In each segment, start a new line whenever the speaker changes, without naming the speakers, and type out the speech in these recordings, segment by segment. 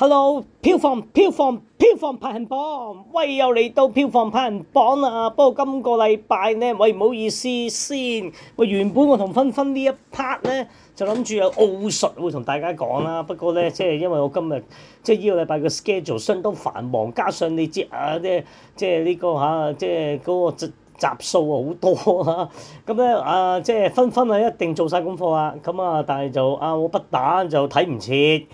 Hello，票房票房票房排行榜，喂又嚟到票房排行榜啦，不過今個禮拜咧，喂唔好意思先，喂原本我同芬芬呢一 part 咧就諗住有奧術會同大家講啦，不過咧即係因為我今日即係呢個禮拜嘅 schedule 相當繁忙，加上你知啊，即係即係呢個吓，即係嗰個集數啊好多嚇，咁咧啊即係、就是、芬芬啊一定做晒功課啦，咁啊但係就啊我不打就睇唔切。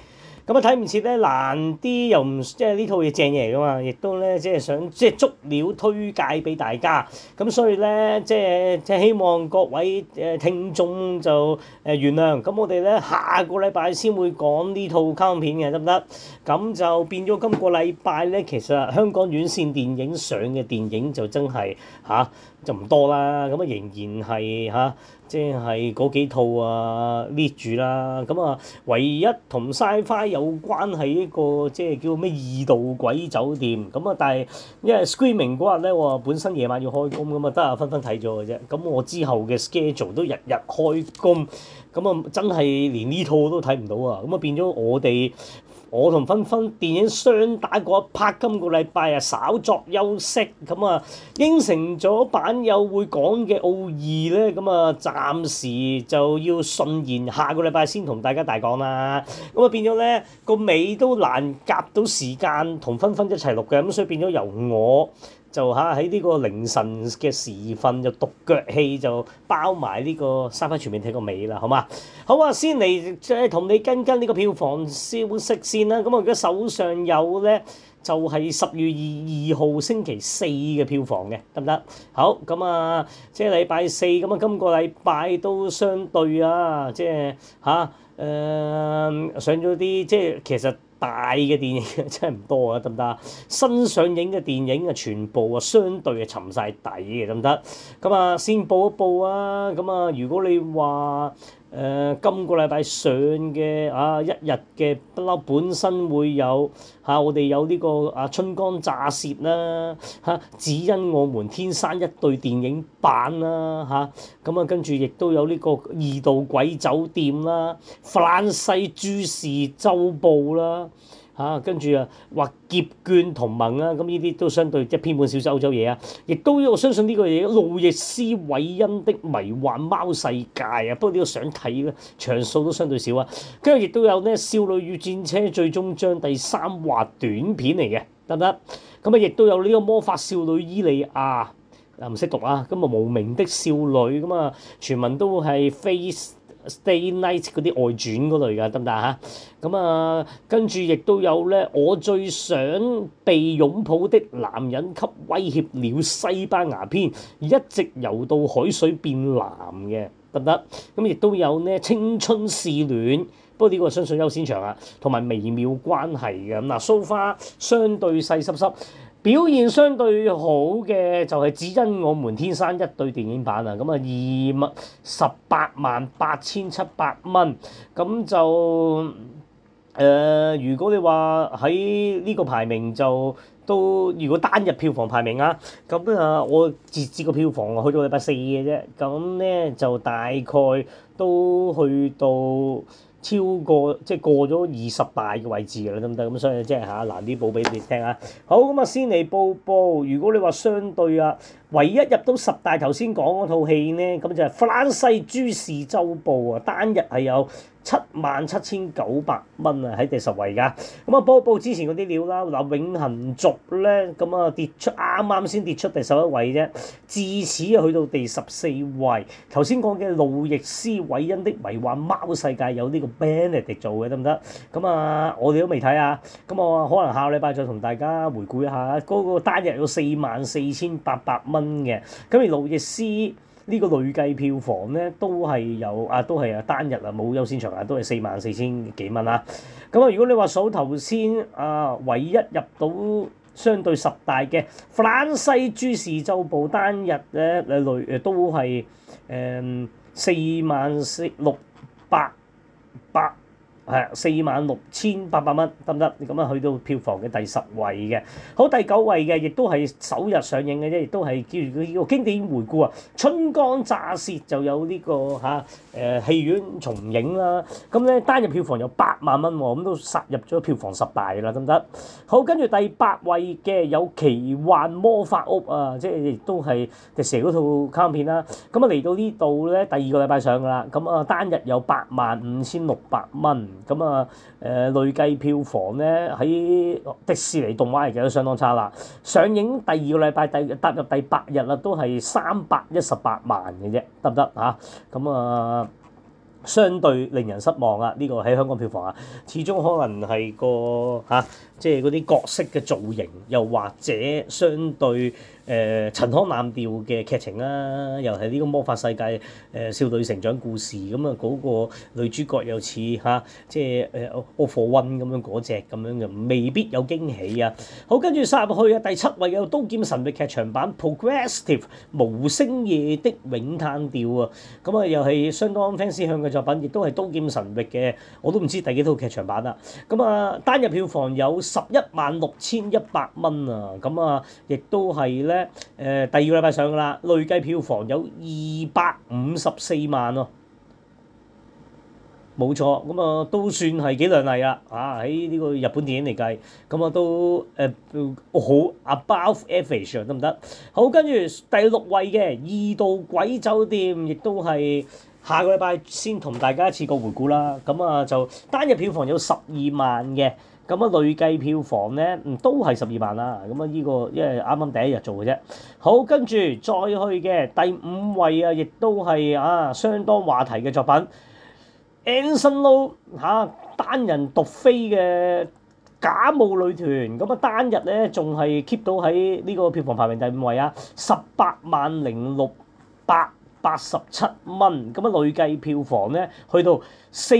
咁啊睇唔切咧難啲又唔，即係呢套嘢正嘢嚟噶嘛，亦都咧即係想即係足料推介俾大家。咁所以咧即係即係希望各位誒、呃、聽眾就誒原諒。咁我哋咧下個禮拜先會講呢套卡通片嘅得唔得？咁就變咗今個禮拜咧，其實香港院線電影上嘅電影就真係嚇。啊就唔多啦，咁啊仍然係嚇、啊，即係嗰幾套啊，搣住啦，咁啊唯一同《SciFi》有關係呢個，即係叫咩《二度鬼酒店》咁啊，但係因為《Screaming、啊》嗰日咧，我本身夜晚要開工，咁啊得啊，分分睇咗嘅啫。咁、啊、我之後嘅 schedule 都日日開工，咁啊真係連呢套都睇唔到啊！咁啊，啊變咗我哋。我同芬芬電影雙打過一 part，今個禮拜啊稍作休息，咁啊應承咗版友會講嘅奧義呢，咁啊暫時就要順延，下個禮拜先同大家大講啦。咁啊變咗呢個尾都難夾到時間同芬芬一齊錄嘅，咁所以變咗由我。就嚇喺呢個凌晨嘅時分就獨腳戲就包埋呢個 SciFi 全面睇個尾啦，好嘛？好啊，先嚟即係同你跟跟呢個票房消息先啦。咁、啊、我而家手上有咧就係、是、十二月二號星期四嘅票房嘅，得唔得？好咁啊，即係禮拜四咁啊，今個禮拜都相對啊，即係吓，誒、啊呃、上咗啲，即係其實。大嘅電影真係唔多啊，得唔得？新上映嘅電影行行啊，全部啊相對係沉晒底嘅，得唔得？咁啊先報一報啊，咁啊如果你話。誒、呃、今個禮拜上嘅啊一日嘅不嬲本身會有嚇，啊、我哋有呢個啊春光乍泄啦嚇。只、啊、因我們天生一對電影版啦嚇，咁啊，啊跟住亦都有呢個二度鬼酒店啦，法、啊、蘭西諸士周報啦。啊嚇、啊，跟住啊，或結眷同盟啊，咁呢啲都相對即係偏半小洲洲嘢啊，亦都有我相信呢個嘢。路易斯韋恩的迷幻貓世界啊，不過呢個想睇啦，場數都相對少啊。跟住亦都有呢《少女與戰車最終章》第三話短片嚟嘅，得唔得？咁啊，亦都有呢個魔法少女伊莉亞，唔識讀啊，咁啊，無名的少女，咁啊，全民都係非。Stay night 嗰啲外傳嗰類㗎，得唔得嚇？咁、嗯、啊，跟住亦都有咧。我最想被擁抱的男人給威脅了西班牙篇，一直游到海水變藍嘅，得唔得？咁亦都有呢，青春試戀。不過呢個相信優先場啊，同埋微妙關係嘅。咁、嗯、嗱，蘇花相對細濕濕。表現相對好嘅就係只因我們天生一對電影版啊，咁啊二十八萬八千七百蚊，咁就誒、呃，如果你話喺呢個排名就都，如果單日票房排名啊，咁啊我截至個票房啊，去到禮拜四嘅啫，咁呢就大概都去到。超過即係過咗二十大嘅位置㗎啦，得唔得？咁所以即係嚇難啲報俾你聽啊！吓，好咁啊，先嚟報報。如果你話相對啊。唯一入到十大頭先講嗰套戲咧，咁就係《法蘭西諸事周報》啊，單日係有七萬七千九百蚊啊，喺第十位噶。咁啊，播報之前嗰啲料啦，嗱，《永恆族》咧，咁啊跌出啱啱先跌出第十一位啫，至此去到第十四位。頭先講嘅路易斯韋恩的迷幻貓世界，有呢個 Benedict 做嘅得唔得？咁啊，我哋都未睇啊。咁我可能下個禮拜再同大家回顧一下，嗰個單日要四萬四千八百蚊。.嘅，咁而《老約斯呢個累計票房咧，都係有啊，都係啊單日啊冇優先場啊，都係四萬四千幾蚊啦。咁啊，如果你話數頭先啊，唯一入到相對十大嘅《法蘭西諸事週報》單日咧，誒累誒都係誒四萬四六百八。嗯係四萬六千八百蚊得唔得？咁啊去到票房嘅第十位嘅，好，第九位嘅亦都係首日上映嘅啫，亦都係叫住經典回顧啊。春光乍泄就有呢個嚇誒戲院重映啦。咁咧單日票房有八萬蚊喎，咁都殺入咗票房十大啦，得唔得？好，跟住第八位嘅有奇幻魔法屋啊，即係亦都係迪士尼嗰套卡通片啦。咁啊嚟到呢度咧，第二個禮拜上噶啦，咁啊單日有八萬五千六百蚊。咁啊，誒、呃、累計票房咧喺、哦、迪士尼動畫嚟講都相當差啦。上映第二個禮拜第踏入第八日啦，都係三百一十八萬嘅啫，得唔得啊？咁啊，相對令人失望啊。呢、這個喺香港票房啊，始終可能係個嚇。啊即係嗰啲角色嘅造型，又或者相對誒陳腔濫調嘅劇情啦，又係呢個魔法世界誒少女成長故事咁啊，嗰個女主角又似嚇即係誒 All for One 咁樣嗰隻咁樣嘅，未必有驚喜啊！好，跟住殺入去啊！第七位有《刀劍神域》劇場版《Progressive 無聲夜的詠嘆調》啊！咁啊，又係相當 fans 向嘅作品，亦都係《刀劍神域》嘅，我都唔知第幾套劇場版啦。咁啊，單日票房有，十一萬六千一百蚊啊！咁啊，亦都係咧誒，第二個禮拜上㗎啦。累計票房有二百五十四萬喎，哦，冇錯，咁啊，都算係幾亮麗啦啊！喺呢個日本電影嚟計，咁啊都誒好 above average 得唔得？好，跟住第六位嘅《二度鬼酒店》亦都係下個禮拜先同大家一次過回顧啦。咁啊，就單日票房有十二萬嘅。咁啊，累計票房咧，都係十二萬啦。咁啊，呢個因為啱啱第一日做嘅啫。好，跟住再去嘅第五位啊，亦都係啊，相當話題嘅作品《Anson Lo 嚇單人獨飛嘅假冒女團。咁啊，單日咧仲係 keep 到喺呢個票房排名第五位啊，十八萬零六百。八十七蚊，咁啊累計票房咧，去到四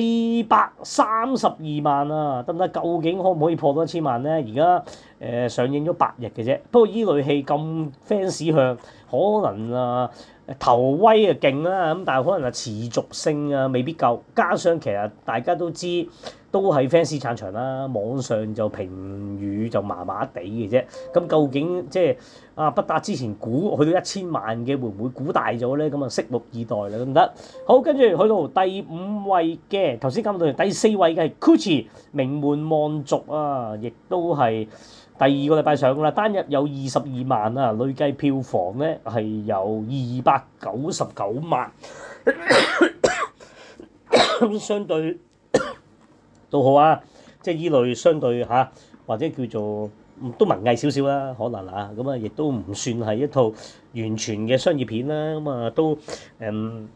百三十二萬啊，得唔得？究竟可唔可以破多一千萬咧？而家誒上映咗八日嘅啫，不過依類戲咁 fans 向，可能啊～頭威啊勁啦，咁但係可能啊持續性啊未必夠，加上其實大家都知都係 fans 撐場啦，網上就評語就麻麻地嘅啫。咁究竟即係啊，不打之前估去到一千萬嘅會唔會估大咗咧？咁啊拭目以待啦，得唔得？好，跟住去到第五位嘅，頭先講到第四位嘅係 Gucci，名門望族啊，亦都係。第二個禮拜上啦，單日有二十二萬啊，累計票房咧係有二百九十九萬， 相對都 好啊，即係依類相對嚇，啊，或者叫做都文藝少少啦，可能啊，咁啊亦都唔算係一套完全嘅商業片啦，咁啊都誒。嗯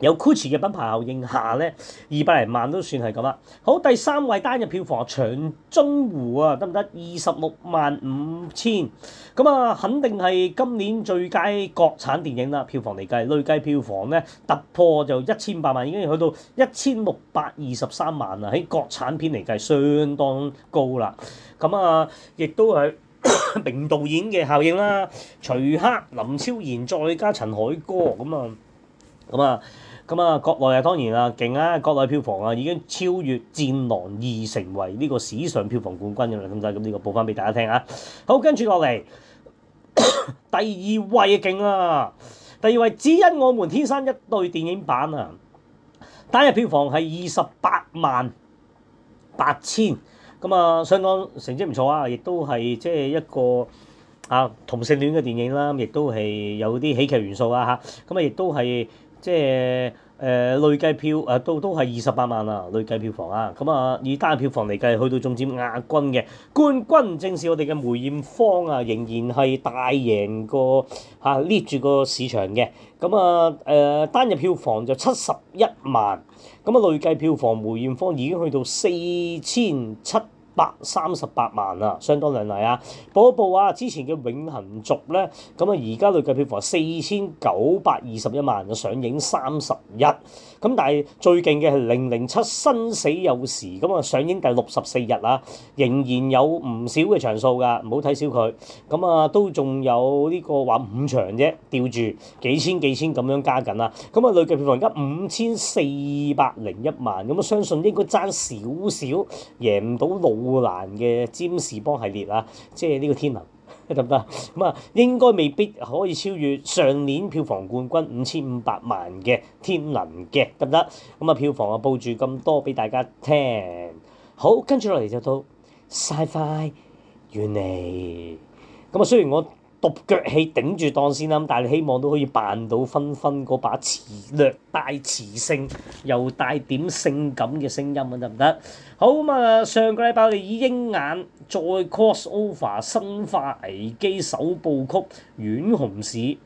有 Gucci 嘅品牌效應下咧，二百零萬都算係咁啦。好，第三位單日票房《長津湖》啊，得唔得？二十六萬五千咁啊，肯定係今年最佳國產電影啦。票房嚟計，累計票房咧突破就一千八萬，已經去到一千六百二十三萬啦。喺國產片嚟計，相當高啦。咁啊，亦都係名 導演嘅效應啦。徐克、林超賢再加陳凱歌咁啊，咁啊。咁啊，國內啊當然啊勁啊，國內票房啊已經超越《戰狼二》成為呢個史上票房冠軍嘅啦，咁就咁呢個報翻俾大家聽啊。好，跟住落嚟第二位勁啊，第二位《只因我們天生一對》電影版啊，單日票房係二十八萬八千，咁啊相當成績唔錯啊，亦都係即係一個啊同性戀嘅電影啦，亦都係有啲喜劇元素啊嚇，咁啊亦都係。即係誒、呃、累計票誒、呃、都都係二十八萬啦，累計票房啊！咁啊，以單日票房嚟計，去到仲佔亞軍嘅，冠軍正是我哋嘅梅艷芳啊，仍然係大贏個嚇，攤住個市場嘅。咁啊誒單日票房就七十一萬，咁啊累計票房梅艷芳已經去到四千七百三十八萬啊，相當靚麗啊！報一報啊，之前嘅《永恆族》咧，咁啊而家累計票房四千九百二十一萬就上映三十一。咁但係最近嘅係《零零七：生死有時》，咁啊上映第六十四日啦，仍然有唔少嘅場數㗎，唔好睇小佢。咁啊都仲有呢個話五場啫，吊住幾千幾千咁樣加緊啦，啊。咁啊累計票房而家五千四百零一萬，咁啊相信應該爭少少，贏唔到老。布蘭嘅占士邦系列啊，即係呢個天能得唔得？咁啊， 應該未必可以超越上年票房冠軍五千五百萬嘅《天能》嘅，得唔得？咁啊，票房啊報住咁多俾大家聽。好，跟住落嚟就到《SciFi 信箱》。咁啊，雖然我。獨腳氣頂住檔先啦，但係你希望都可以扮到分分嗰把磁略帶磁性又帶點性感嘅聲音啊，得唔得？好咁啊、嗯，上個禮拜我哋以鷹眼再 cross over《生化危機》首部曲《浣熊市》，嗯，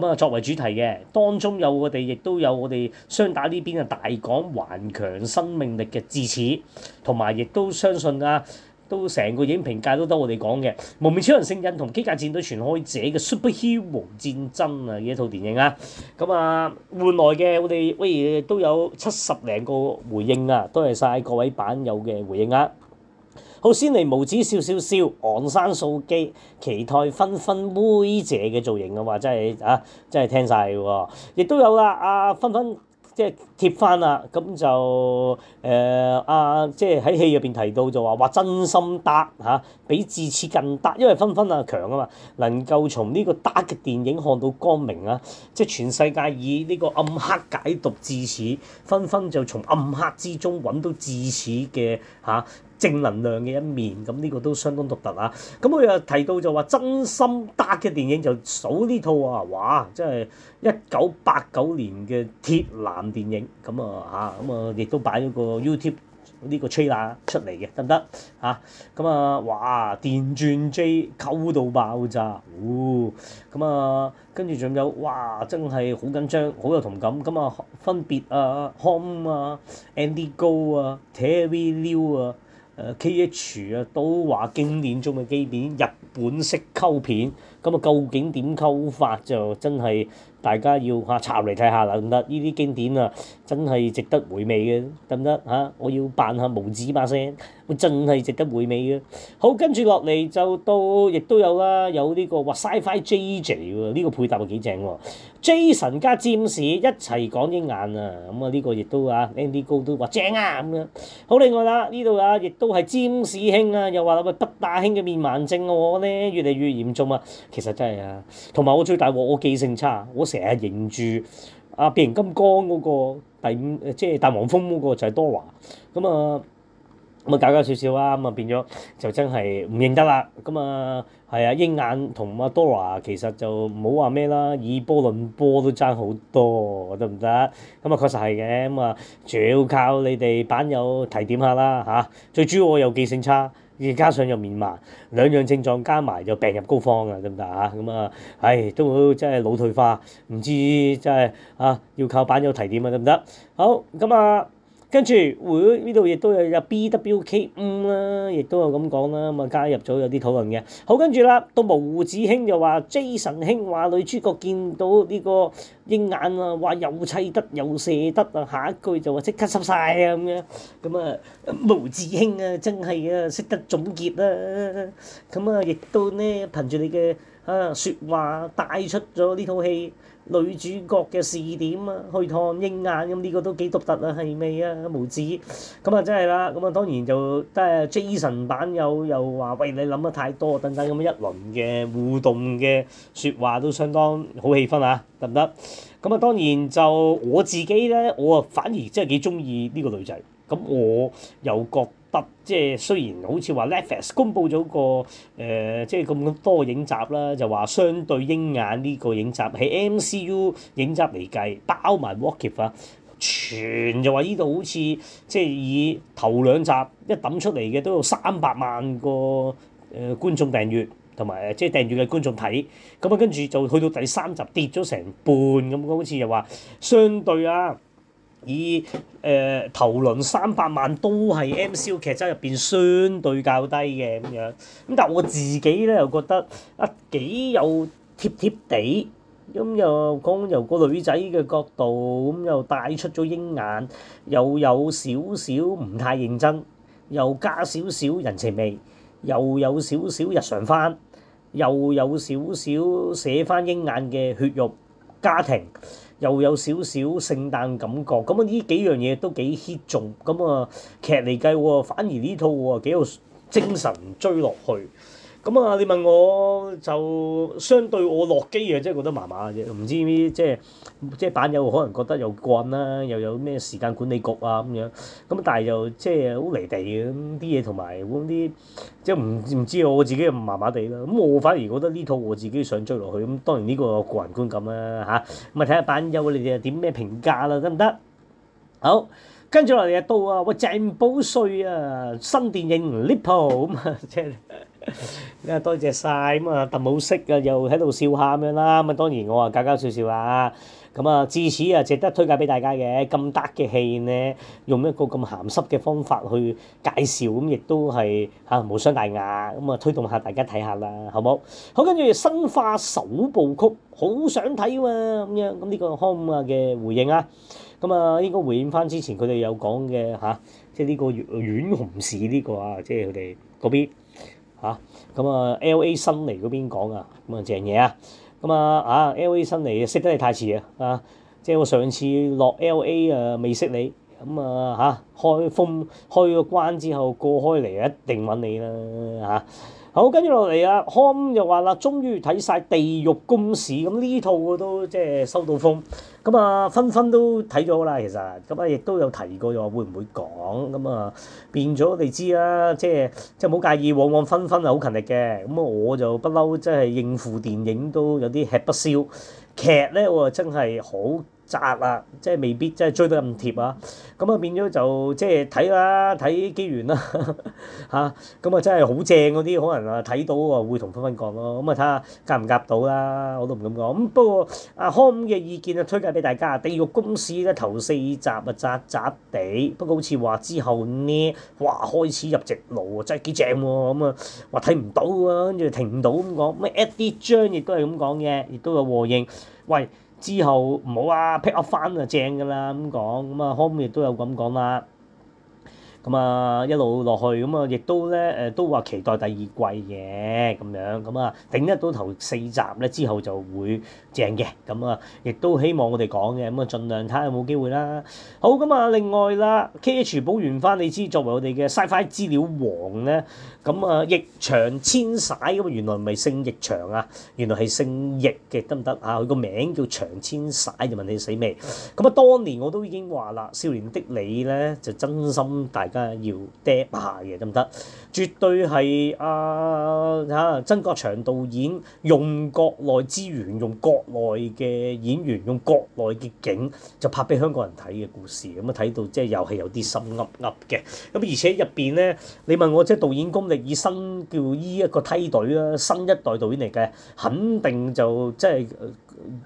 咁啊作為主題嘅，當中有我哋亦都有我哋雙打呢邊嘅大港頑強生命力嘅字詞，同埋亦都相信啊～都成個影評界都得我哋講嘅《無面超人聖印》同《機甲戰隊全開者》嘅 Superhero 戰爭啊！呢一套電影啊，咁啊換來嘅我哋喂都有七十零個回應啊！多謝曬各位版友嘅回應啊！好先嚟無止少少少，昂山素姬、期待芬芬薇姐嘅造型啊，話真係啊，真係聽曬喎！亦都有啦，阿芬芬。即係貼翻啊，咁就誒、呃、啊！即係喺戲入邊提到就話話真心 dark 嚇、啊，比智齒更 dark，因為分分啊強啊嘛，能夠從呢個 dark 嘅電影看到光明啊！即係全世界以呢個暗黑解讀智齒，分分就從暗黑之中揾到智齒嘅嚇。啊正能量嘅一面，咁、這、呢個都相當獨特啦。咁佢又提到就話真心得嘅電影就數呢套啊，哇！即係一九八九年嘅鐵男電影，咁啊吓，咁啊亦、啊、都擺咗個 YouTube 呢個 trailer 出嚟嘅，得唔得？吓、啊，咁啊，哇！電鑽 J 溝到爆炸，喎、哦！咁啊，跟住仲有哇，真係好緊張，好有同感。咁啊，分別啊，Home 啊，Andy Go 啊，Terry Liu 啊。誒、uh, KH 啊、uh,，都話經典中嘅經典，日本式溝片。咁啊，究竟點溝法就真係大家要嚇插嚟睇下啦，唔得？呢啲經典啊，真係值得回味嘅，得唔得嚇？我要扮下毛子把聲，真係值得回味嘅。好，跟住落嚟就到，亦都有啦，有呢、這個哇，Sci-Fi J J 呢、這個配搭啊幾正喎，Jason 加 James 一齊講英眼啊，咁啊呢個亦都啊 Andy Go 都話正啊，咁樣。好，另外啦，呢度啊亦都係 James 兄啊，又話諗緊北大兄嘅面盲症我呢越嚟越嚴重啊！其實真係啊，同埋我最大鑊，我記性差，我成日認住啊，變形金剛嗰、嗰個第五，即係大黃蜂嗰個就係多華，咁啊咁啊，搞搞少少啊，咁啊變咗就真係唔認得啦。咁啊係啊，鷹眼同阿多華其實就唔好話咩啦，以波論波都爭好多，得唔得？咁、嗯、啊、嗯、確實係嘅，咁啊主要靠你哋版友提點下啦嚇、啊。最主要我有記性差。亦加上又面盲，兩樣症狀加埋就病入膏肓啊，得唔得啊？咁啊，唉，都真係腦退化，唔知真係啊，要靠版友提點啊，得唔得？好，咁啊。跟住會呢度亦都有5，有 BWK 五啦，亦都有咁講啦，咁啊加入咗有啲討論嘅。好，跟住啦，到毛子卿就話：J 神興話女主角見到呢個鷹眼啊，話又砌得又射得啊，下一句就話即刻濕晒啊咁樣。咁啊，毛子卿啊，真係啊，識得總結啊。咁啊，亦都呢憑住你嘅啊説話帶出咗呢套戲。女主角嘅視點啊，去趟鷹眼咁呢、這個都幾獨特啊，係咪啊，無止咁啊真係啦，咁啊當然就都係 Jason 版有又話喂，你諗得太多等等咁一輪嘅互動嘅説話都相當好氣氛啊得唔得？咁啊當然就我自己咧，我啊反而真係幾中意呢個女仔，咁我又覺。即係雖然好似話 Netflix 公佈咗個誒、呃，即係咁多影集啦，就話、是、相對《鷹眼》呢個影集喺 MCU 影集嚟計，包埋 What If 啊，全就話呢度好似即係以頭兩集一抌出嚟嘅都有三百萬個誒、呃、觀眾訂閱，同埋即係訂閱嘅觀眾睇，咁啊跟住就去到第三集跌咗成半咁，好似又話相對啊。以誒頭輪三百萬都係 MCU 劇集入邊相對較低嘅咁樣，咁但係我自己咧又覺得啊幾有貼貼地，咁又講由個女仔嘅角度，咁又帶出咗鷹眼，又有少少唔太認真，又加少少人情味，又有少少日常翻，又有少少寫翻鷹眼嘅血肉家庭。又有少少聖誕感覺，咁啊呢幾樣嘢都幾 hit 中，咁啊劇嚟計喎，反而呢套喎幾有精神追落去。咁啊、嗯！你問我就相對我落機啊，即係覺得麻麻嘅啫，唔知啲即係即係版友可能覺得又慣啦，又有咩時間管理局啊咁樣。咁但係又即係好離地咁啲嘢，同埋嗰啲即係唔唔知我自己麻麻地咯。咁我反而覺得呢套我自己想追落去。咁當然呢個個人觀感啦、啊、吓，咁啊睇下版友你哋點咩評價啦，得唔得？好，跟住落嚟啊到啊！喂鄭保瑞啊新電影 l i 咁啊即係。咁啊，多謝曬咁啊，鄧冇識嘅又喺度笑下咁樣啦。咁啊，當然我啊，搞搞笑笑啊。咁啊，至此啊，值得推介俾大家嘅咁得嘅戲咧，用一個咁鹹濕嘅方法去介紹，咁亦都係嚇無傷大雅。咁啊，推動下大家睇下啦，好冇？好跟住《生化首部曲》，好想睇啊嘛，咁樣咁呢個康啊嘅回應啊。咁啊，應該回應翻之前佢哋有講嘅嚇，即係呢個遠紅市呢個啊，即係佢哋嗰邊。啊，咁啊，LA 辛尼嗰邊講啊，咁啊正嘢啊，咁啊啊，LA 辛尼啊，識得你太遲啊，啊，啊即係我上次落 LA 啊，未識你，咁啊嚇、啊，開封開個關之後過開嚟啊，一定搵你啦嚇。好，跟住落嚟啊，康就話啦，終於睇晒《地獄公使》，咁呢套我都即係收到風，咁啊，芬芬都睇咗啦，其實，咁啊，亦都有提過話會唔會講，咁啊，變咗你知啦，即係即係冇介意，往往芬芬係好勤力嘅，咁啊，我就不嬲，即係應付電影都有啲吃不消，劇咧我真係好。窒啦，即係未必，即係追得咁貼、pues、笑 Fern an 啊！咁啊，變咗就即係睇啦，睇機緣啦嚇。咁啊真係好正嗰啲，可能啊睇到喎、e，會同分分講咯。咁啊睇下夾唔夾到啦，我都唔敢講。咁不過阿康嘅意見啊，推介俾大家，第二個公司咧頭四集啊窒窒地，不過好似話之後呢哇開始入直路，真係幾正喎。咁啊話睇唔到喎，跟住停唔到咁講。咩一啲張亦都係咁講嘅，亦都有和應。喂 services！之後唔好啊，pick up 翻就正㗎啦。咁講咁啊，Home 亦都有咁講啦。咁啊一路落去咁啊，亦都咧誒都話期待第二季嘅咁樣。咁啊，頂得到頭四集咧，之後就會正嘅。咁啊，亦都希望我哋講嘅咁啊，盡量睇下有冇機會啦。好，咁啊，另外啦外，K H 補完翻，你知作為我哋嘅 SciFi 資料王咧。咁啊，易烊千璽，咁原來唔係姓易烊啊，原來係姓易嘅得唔得啊？佢個名叫烊千璽，就問你死未？咁、嗯、啊，當年我都已經話啦，《少年的你》咧就真心大家要 d 下嘅，得唔得？絕對係啊！吓、啊啊、曾國祥導演用國內資源，用國內嘅演員用國內嘅景就拍俾香港人睇嘅故事，咁、嗯、啊睇到即係又係有啲心噏噏嘅。咁而且入邊咧，你問我即係導演功力。以新叫依一個梯隊啦，新一代導演嚟嘅，肯定就即係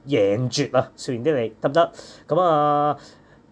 贏絕啦！《少年的你》得唔得？咁啊，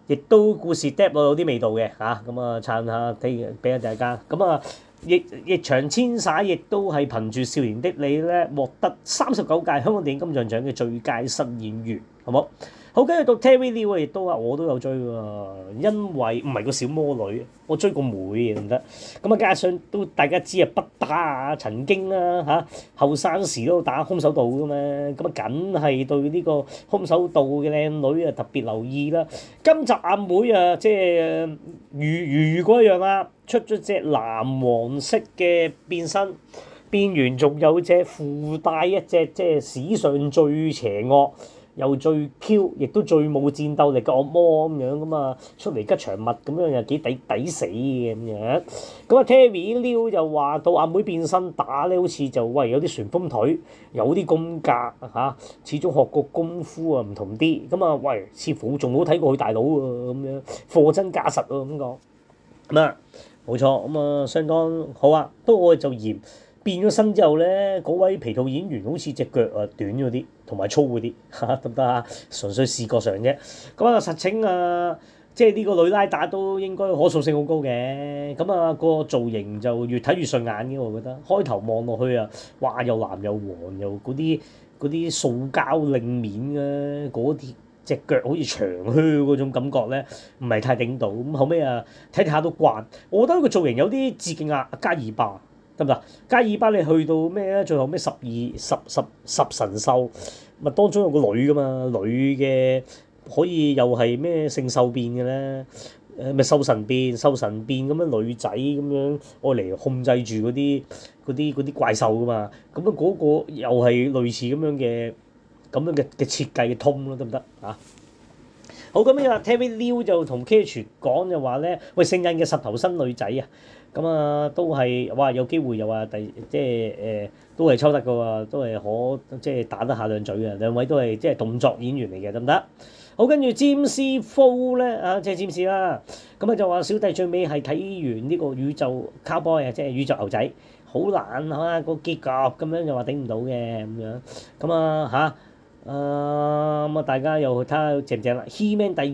亦都故事 depth 有啲味道嘅吓，咁啊撐下，睇俾下大家。咁啊，亦亦易烊千璽亦都係憑住《少年的你》咧，獲得三十九屆香港電影金像獎嘅最佳新演員，好冇？好，跟住到 TVB 喎，亦都啊，我都有追喎，因為唔係個小魔女，我追個妹唔得，咁啊加上都大家知啊，不打啊曾經啦吓，後生時都打空手道噶嘛，咁啊梗係對呢個空手道嘅靚女啊特別留意啦。嗯、今集阿妹啊，即係如，如如一樣啦，出咗隻藍黃色嘅變身，變完仲有隻附帶一隻即係史上最邪惡。又最 Q，亦都最冇戰鬥力嘅惡魔咁樣噶啊，出嚟吉祥物咁樣又幾抵抵死嘅咁樣。咁啊麼，Terry Liu 就話到阿妹，妹變身打咧，好似就喂有啲旋風腿，有啲功架，嚇、啊，始終學過功夫啊，唔同啲。咁啊，喂，似乎仲好睇過佢大佬喎，咁樣貨真價實啊。咁講。咁啊，冇錯，咁啊相當好啊。不過我就嫌。變咗身之後咧，嗰位皮套演員好似隻腳啊短咗啲，同埋粗咗啲，得唔得啊？純粹視覺上啫。咁啊，實情啊，即係呢個女拉打都應該可塑性好高嘅。咁啊，個造型就越睇越順眼嘅，我覺得。開頭望落去啊，哇又藍又黃又嗰啲嗰啲塑膠靚面啊，嗰啲隻腳好似長靴嗰種感覺咧，唔係太頂到。咁後尾啊，睇睇下都慣。我覺得個造型有啲致敬阿、啊、加二巴。加爾巴你去到咩咧？最後咩十二十十十神獸咪當中有個女噶嘛？女嘅可以又係咩聖獸變嘅咧？誒咪獸神變、獸神變咁樣女仔咁樣，愛嚟控制住嗰啲啲啲怪獸噶嘛？咁樣嗰個又係類似咁樣嘅咁樣嘅嘅設計嘅通咯，得唔得啊？好咁啊，Terry Liu 就同 Katie 講就話咧，喂，聖人嘅十頭身女仔啊！咁啊，都係哇！有機會又話第即係誒，呃，都係抽得嘅喎，都係可即係打得下兩嘴啊。兩位都係即係動作演員嚟嘅，得唔得？好，跟住詹姆士 Four 咧啊，即係詹姆士啦。咁啊就話小弟最尾係睇完呢個宇宙 Cowboy 啊，即係宇宙牛仔，好難啊，個結局咁樣就話頂唔到嘅咁樣。咁啊嚇啊，咁啊大家又睇下正唔正啦？He-Man 第二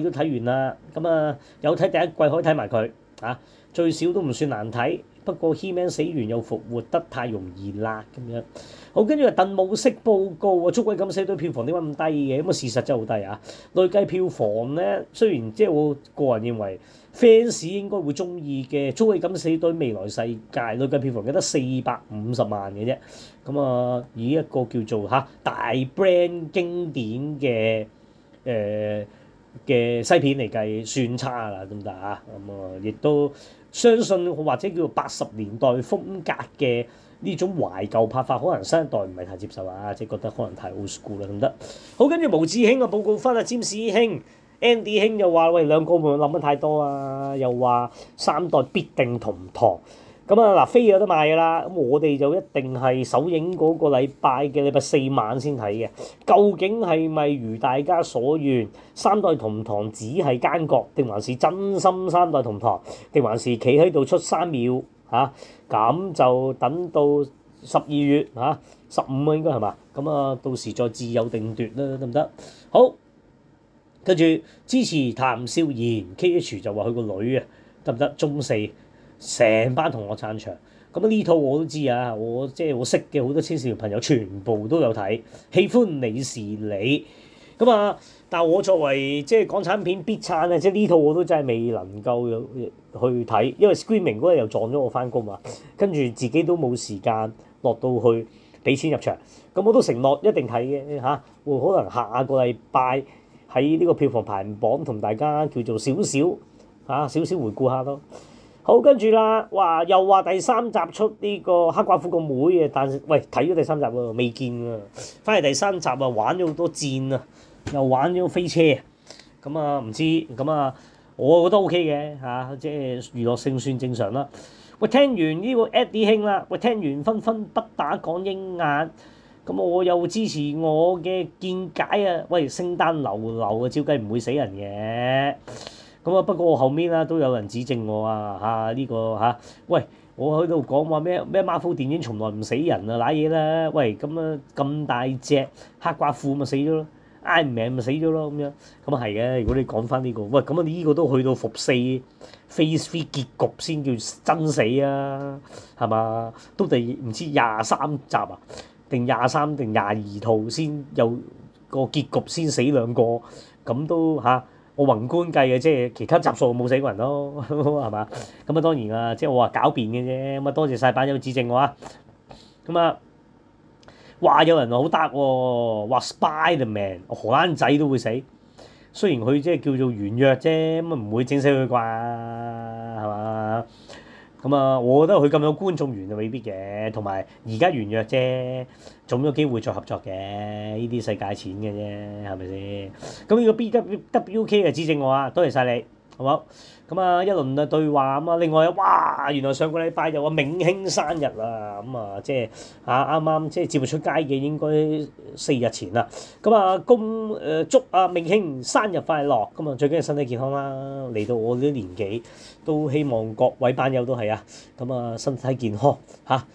季都睇完啦。咁啊有睇第一季可以睇埋佢嚇。啊啊啊啊最少都唔算難睇，不過 He-Man 死完又復活得太容易啦咁樣。好，跟住話鄧武式報告啊，捉鬼敢死隊票房點解咁低嘅？咁啊事實真係好低啊！累計票房咧，雖然即係我個人認為 fans 應該會中意嘅，捉鬼敢死隊未來世界累計票房得四百五十萬嘅啫。咁啊，以一個叫做嚇大 brand 經典嘅誒嘅西片嚟計，算差啦咁得啊。咁啊，亦都～相信或者叫做八十年代風格嘅呢種懷舊拍法，可能新一代唔係太接受啊，即係覺得可能太 old school 啦，唔得。好，跟住毛子兄啊報告翻啊，占士兄、Andy 兄又話：喂，兩個會唔會諗得太多啊，又話三代必定同堂。咁啊，嗱，飛有得賣噶啦，咁我哋就一定係首映嗰個禮拜嘅禮拜四晚先睇嘅。究竟係咪如大家所願，三代同堂只係奸角，定還是真心三代同堂，定還是企喺度出三秒？嚇、啊，咁就等到十二月嚇，十五啊應該係嘛？咁啊，到時再自有定奪啦，得唔得？好，跟住支持譚少然，KH 就話佢個女啊，得唔得？中四。成班同學撐場，咁呢套我都知啊，我即係我識嘅好多青少年朋友全部都有睇，喜歡你是你，咁啊，但係我作為即係港產片必撐咧，即係呢套我都真係未能夠去睇，因為 Screening 嗰日又撞咗我翻工啊，跟住自己都冇時間落到去俾錢入場，咁我都承諾一定睇嘅嚇，會可能下個禮拜喺呢個票房排行榜同大家叫做少少嚇少少回顧下咯。好跟住啦，哇！又話第三集出呢個黑寡婦個妹啊，但係喂睇咗第三集喎，未見啊。翻嚟第三集啊，玩咗好多戰啊，又玩咗飛車。咁啊唔知，咁啊我覺得 OK 嘅嚇，即係娛樂性算正常啦。喂，聽完呢個 Eddie 兄啦，喂，聽完港產不打講鷹眼。咁我又支持我嘅見解啊！喂，聖誕流流啊，照計唔會死人嘅。咁啊！不過我後面啊都有人指正我啊嚇呢、這個嚇，喂！我喺度講話咩咩 Marvel 電影從來唔死人啊，瀨嘢啦！喂，咁啊咁大隻黑寡婦咪死咗咯、啊，嗌、哎、唔命咪死咗咯咁樣，咁啊係嘅。如果你講翻呢個，喂咁啊呢個都去到復四 Phase Three 結局先叫真死啊，係嘛？都第唔知廿三集啊，定廿三定廿二套先有個結局先死兩個，咁都嚇。啊我宏觀計嘅，即係其他集數冇死過人咯，係嘛？咁啊當然啦，即係我話狡辯嘅啫。咁啊多謝晒版友指正我啊。咁啊話有人好得喎，話 Spiderman 荷蘭仔都會死。雖然佢即係叫做軟弱啫，咁啊唔會整死佢啩，係嘛？咁啊、嗯，我覺得佢咁有觀眾緣未必嘅，同埋而家完約啫，仲有機會再合作嘅，呢啲世界錢嘅啫，係咪先？咁如果 B W W K 嘅指正我啊，多謝晒你。咁啊，一輪啊對話咁啊，另外哇！原來上個禮拜又阿銘兄生日、嗯、啊，咁啊，即係啊啱啱即係接住出街嘅，應該四日前啦。咁、嗯、啊，恭誒、呃、祝啊，銘兄生日快樂，咁、嗯、啊，最緊要身體健康啦。嚟到我呢年紀，都希望各位班友都係啊，咁、嗯、啊，身體健康嚇。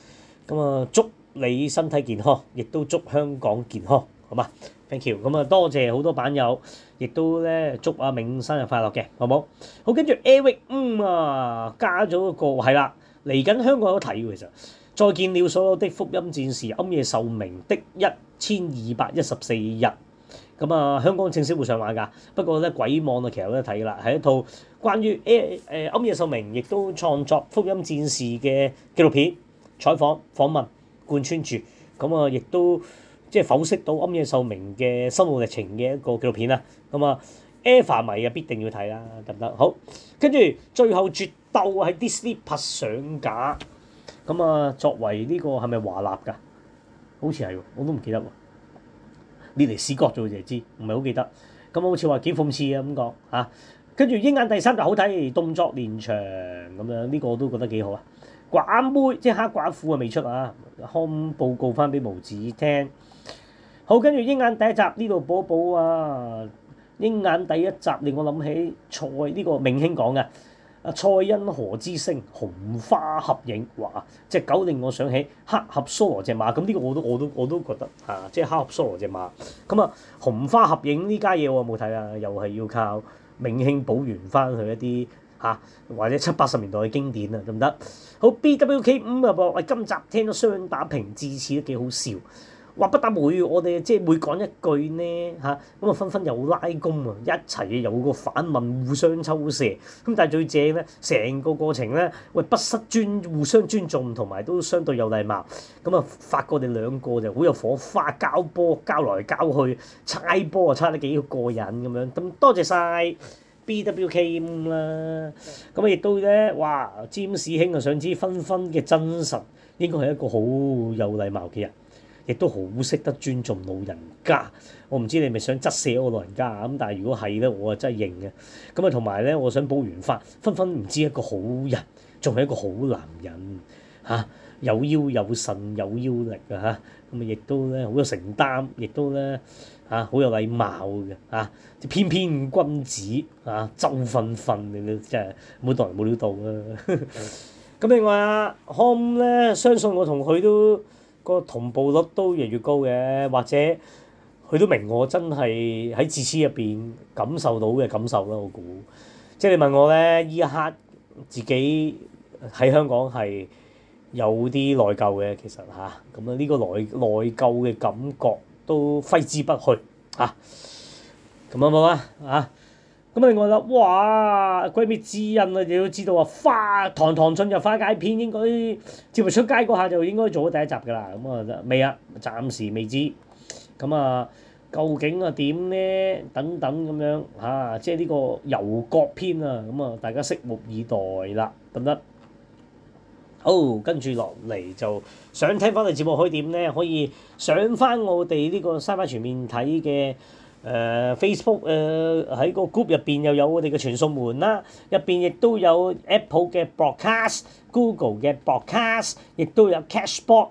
咁啊，祝你身體健康，亦都祝香港健康，好嘛？Thank you，咁啊多謝好多版友，亦都咧祝阿銘生日快樂嘅，好冇？好，跟住 Eric，嗯啊，加咗一個，係、啊、啦，嚟緊香港有得睇嘅其實，《再見了所有的福音戰士》，庵野秀明的一千二百一十四日，咁、嗯、啊香港正式會上畫㗎，不過咧鬼網啊其實都睇㗎啦，係一套關於誒誒庵野秀明，亦都創作福音戰士嘅紀錄片、採訪訪問貫穿住，咁、嗯、啊亦都。即係剖析到暗夜壽明嘅生活歷程嘅一個紀錄片啦、啊，咁啊，Alpha 迷嘅必定要睇啦、啊，得唔得？好，跟住最後絕鬥喺 Disney 拍上架，咁啊，作為呢、這個係咪華納㗎？好似係，我都唔記得喎。你嚟試覺咗就知，唔係好記得。咁好似話幾諷刺啊咁講嚇，跟住鷹眼第三集好睇，動作連場咁樣，呢、這個我都覺得幾好啊。寡妹即係黑寡婦啊，未出啊，康報告翻俾毛子聽。好，跟住《鷹眼》第一集呢度補一補啊，《鷹眼》第一集令我諗起蔡呢、呢個明興講嘅。啊蔡恩河之星，紅花合影，嘩啊隻狗令我想起黑俠蘇羅隻馬，咁呢個我都我都我都覺得啊，即係黑俠蘇羅隻馬，咁啊紅花合影呢家嘢我冇睇啊，又係要靠明興補完翻去一》一啲吓或者七八十年代嘅經典啊，得唔得？好 BWK 五啊噃，喂今集聽到雙打平致此都幾好笑。話不打無語，我哋即係每講一句咧嚇，咁啊，紛紛又拉弓啊，一齊有個反問，互相抽射。咁但係最正咧，成個過程咧，喂不失尊，互相尊重，同埋都相對有禮貌。咁啊，發覺你哋兩個就好有火花，交波交來交去，猜波啊猜得幾過癮咁樣。咁多謝曬 B.W.K.M 啦。咁啊，亦都咧哇，詹士兄啊，想知紛紛嘅真實，應該係一個好有禮貌嘅人。亦都好識得尊重老人家，我唔知你係咪想質寫我老人家啊？咁但係如果係咧，我啊真係認嘅。咁啊同埋咧，我想補完法，紛紛唔知一個好人，仲係一個好男人嚇、啊，有腰有腎有腰力啊嚇，咁啊亦都咧好有承擔，亦都咧嚇、啊、好有禮貌嘅嚇、啊，翩翩君子嚇，周訓訓你真係冇當冇料到啊！咁、啊、 另外阿 h o 咧，相信我同佢都個同步率都越嚟越高嘅，或者佢都明我真係喺自私入邊感受到嘅感受啦，我估。即係你問我咧，呢一刻自己喺香港係有啲內疚嘅，其實吓，咁啊，呢、呢個內內疚嘅感覺都揮之不去嚇。咁好唔好啊？啊！咁你覺得哇，鬼滅之刃啊！你要知道啊，花堂堂進入花街篇應該節目出街嗰下就應該做咗第一集噶啦，咁啊得未啊？暫時未知。咁、嗯、啊，究竟啊點呢？等等咁樣嚇、啊，即係呢個遊國篇啊！咁、嗯、啊，大家拭目以待啦，得唔得？好，跟住落嚟就想聽翻嚟節目可以點呢？可以上翻我哋呢個《SciFi 全面睇》嘅。誒、uh, Facebook 誒喺個 group 入邊又有我哋嘅傳送門啦、啊，入邊亦都有 Apple 嘅 broadcast、Google 嘅 broadcast，亦都有 Castbox、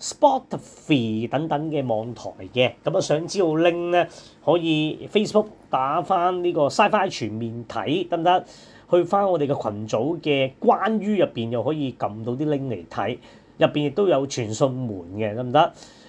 Spotify 等等嘅網台嘅。咁、嗯、啊，想知道 link 咧，可以 Facebook 打翻呢個 SciFi 全面睇得唔得？去翻我哋嘅群組嘅關於入邊又可以撳到啲 link 嚟睇，入邊亦都有傳送門嘅得唔得？行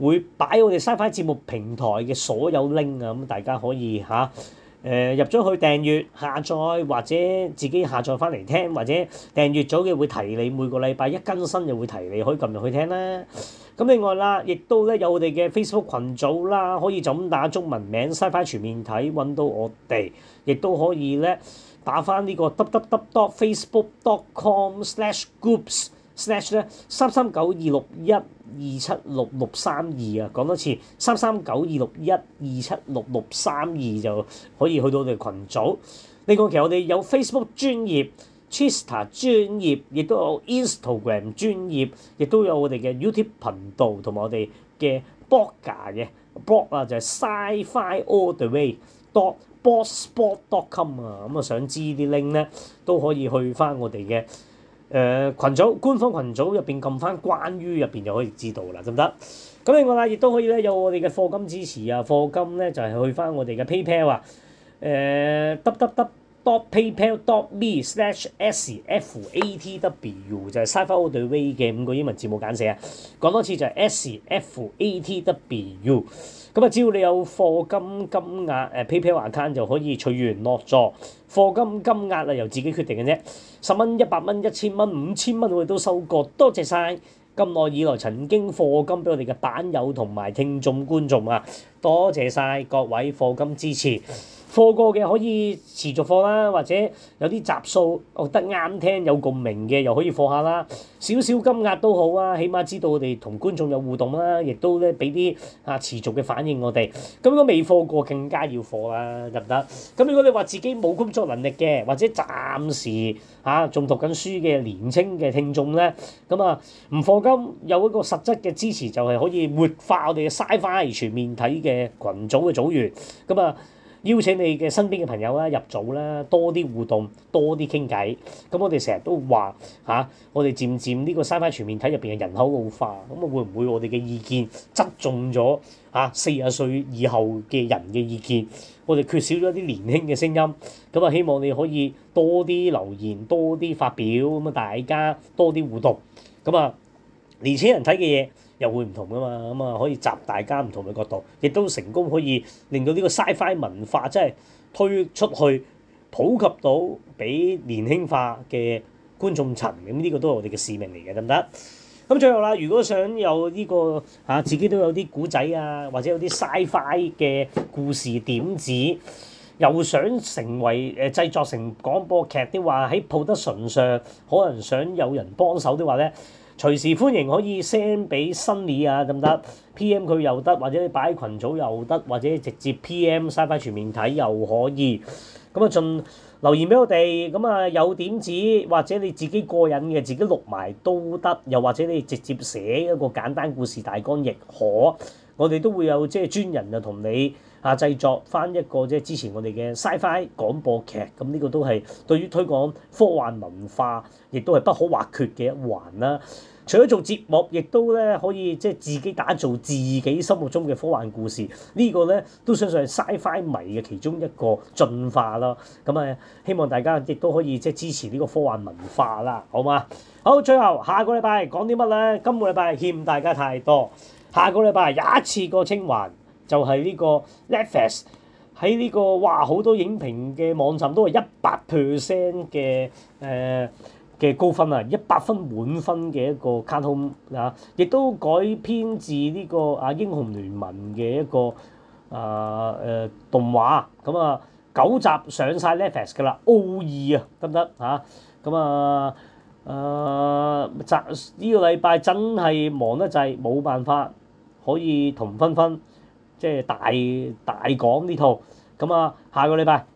會擺我哋 SciFi 節目平台嘅所有 link 啊，咁大家可以嚇誒，入咗去訂閱、下載或者自己下載翻嚟聽，或者訂閱咗嘅會提你每個禮拜一更新就會提你，可以撳入去聽啦。咁另外啦，亦都咧有我哋嘅 Facebook 羣組啦，可以就咁打中文名 SciFi 全面睇揾到我哋，亦都可以咧打翻呢個 dot dot dot facebook.com/slash/groups。Snap 咧三三九二六一二七六六三二啊，講多次三三九二六一二七六六三二就可以去到我哋群組。呢個其實我哋有 Facebook 專頁、Twitter 專頁，亦都有 Instagram 專頁，亦都有我哋嘅 YouTube 頻道同埋我哋嘅 Blogger 嘅 blog 啊，就係 SciFiAllTheWay.blogspot.com 啊。咁啊，想知啲 link 咧都可以去翻我哋嘅。誒，群組官方群組入邊撳翻關於入邊就可以知道啦，得唔得？咁另外啦，亦都可以咧有我哋嘅課金支持啊，課金咧就係去翻我哋嘅 PayPal 啊，誒 www.paypal.me/sfatw 就係 SciFi All The Way 嘅五個英文字母簡寫啊，講多次就係 sfatw。咁啊，只要你有課金金額誒、呃，PayPal account 就可以隨緣落座。課金金額啊，由自己決定嘅啫。十蚊、一百蚊、一千蚊、五千蚊，我哋都收過。多謝晒，咁耐以來曾經課金俾我哋嘅版友同埋聽眾觀眾啊，多謝晒各位課金支持。課過嘅可以持續課啦，或者有啲集數，覺得啱聽有共鳴嘅又可以課下啦，少少金額都好啊，起碼知道我哋同觀眾有互動啦，亦都咧俾啲嚇持續嘅反應我哋。咁如果未課過更加要課啦，得唔得？咁如果你話自己冇工作能力嘅，或者暫時嚇仲讀緊書嘅年輕嘅聽眾咧，咁啊唔課金有嗰個實質嘅支持就係可以活化我哋嘅 SciFi 全面睇嘅羣組嘅組員，咁啊～邀請你嘅身邊嘅朋友啦入組啦，多啲互動，多啲傾偈。咁我哋成日都話吓，我哋、啊、漸漸呢個 SciFi 全面睇入邊嘅人口老化，咁、嗯、啊會唔會我哋嘅意見側重咗嚇四啊歲以後嘅人嘅意見？我哋缺少咗啲年輕嘅聲音。咁、嗯、啊，希望你可以多啲留言，多啲發表，咁、嗯、啊大家多啲互動。咁、嗯、啊、嗯，年輕人睇嘅嘢，又會唔同噶嘛？咁、嗯、啊，可以集大家唔同嘅角度，亦都成功可以令到呢個 Sci-Fi 文化即係推出去普及到俾年輕化嘅觀眾層。咁、嗯、呢、呢個都係我哋嘅使命嚟嘅，得唔得？咁、嗯、最後啦，如果想有呢、呢個嚇、啊、自己都有啲古仔啊，或者有啲 Sci-Fi 嘅故事點子，又想成為誒製、呃、作成廣播劇，嘅話喺 production 上，可能想有人幫手，嘅話咧。隨時歡迎可以 send 俾 Sunny 啊，得唔得？PM 佢又得，或者你擺群組又得，或者直接 PM Sci-Fi 全面睇又可以。咁啊，就盡留言俾我哋。咁啊，有點子或者你自己過癮嘅，自己錄埋都得。又或者你直接寫一個簡單故事大綱亦可。我哋都會有即係專人啊同你嚇製作翻一個即係之前我哋嘅 Sci-Fi 廣播劇。咁呢個都係對於推廣科幻文化，亦都係不可或缺嘅一環啦。除咗做節目，亦都咧可以即係自己打造自己心目中嘅科幻故事，這個、呢個咧都相信係 sci-fi 迷嘅其中一個進化咯。咁啊，希望大家亦都可以即係支持呢個科幻文化啦，好嘛？好，最後下個禮拜講啲乜咧？今個禮拜欠大家太多，下個禮拜又一次過清還，就係、是、呢個 Netflix 喺呢、這個哇好多影評嘅網站都係一百 percent 嘅誒，嘅高分啊，一百分滿分嘅一個卡通啊，亦都改編自呢個啊《英雄聯盟》嘅一個啊誒動畫，咁啊九集上曬 Netflix 㗎啦，O2 啊得唔得啊？咁啊誒集呢個禮拜真係忙得滯，冇辦法可以同芬芬即係大大講呢套，咁啊下個禮拜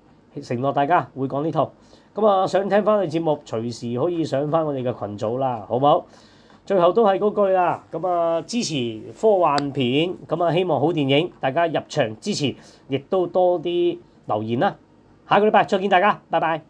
承諾大家會講呢套。咁啊，想聽翻你哋節目，隨時可以上翻我哋嘅群組啦，好唔好？最後都係嗰句啦，咁啊，支持科幻片，咁啊，希望好電影，大家入場支持，亦都多啲留言啦。下個禮拜再見大家，拜拜。